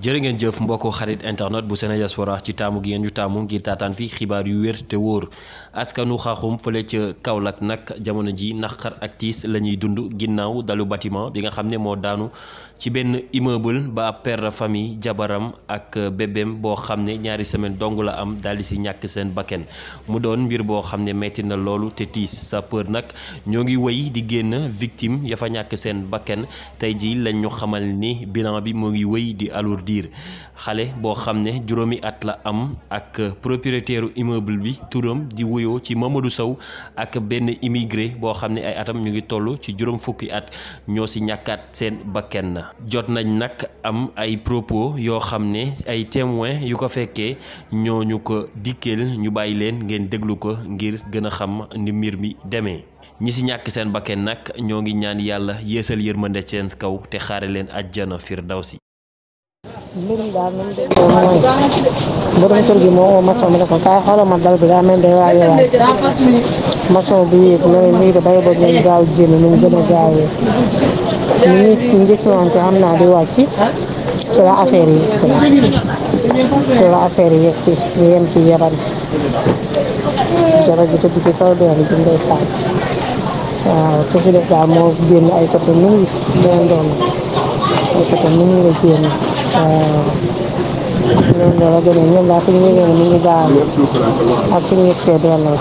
jërë ngeen jëf mbokku xarit internet bu Sene Diaspora ci taamu gi ngeen ñu taamu ngir taataan fi xibaar yu wér te wóor askanu xaaxum fële ca Kaolack nag jamono ji naqar ak tiis la ñuy dund ginnaaw dalu bâtiment bi nga xam ne moo daanu ci benn immeuble ba ab père de jabaram ak bébéem boo xam ne ñaari semaine dong la am daal di si ñàkk seen bakken mu doon mbir boo xam ne metti na loolu te tiis sapeur nag ñoo ngi wëy di génn victime ya fa ñàkk seen bakken tey ji lañ ñu xamal ni bilan diir xale boo xam ne at la am ak propriétaire immeuble bi turam di wuyoo ci Mamadou ak ben immigré boo xam ay atam ñu ngi toll ci juróom fukki at ñoo nyakat sen seen bakken jot nañ am ay propos yo xam ay témoin yu ko fekkee ñooñu ko dikkeel ñu bàyyi leen ngeen ko ngir gën ham xam ni mbir mi demee ñi si ñàkk seen bakken nag ñoo ngi ñaan yàlla yéesal yërmande seen kaw te leen من برمتر جمعه مصر من القطاع حول مدل بلا من دواء يواي مصر بيك نوي ميد بايبو من جاو جيم من جنة جاوي من جيكسو أنت عمنا دواكي تلا أفيري تلا أفيري يكسي ويم كي يبان جرى جيتو بيكي كاو دواء جيم دواء تاي كسي دواء موز جين أي كتنو دواء دواء yëkkati mu ngi la génn waaw loolu la la demee ñoom daal fi ñu yëgee ne mu ngi gaaw ak fi ñu yëgsee delloo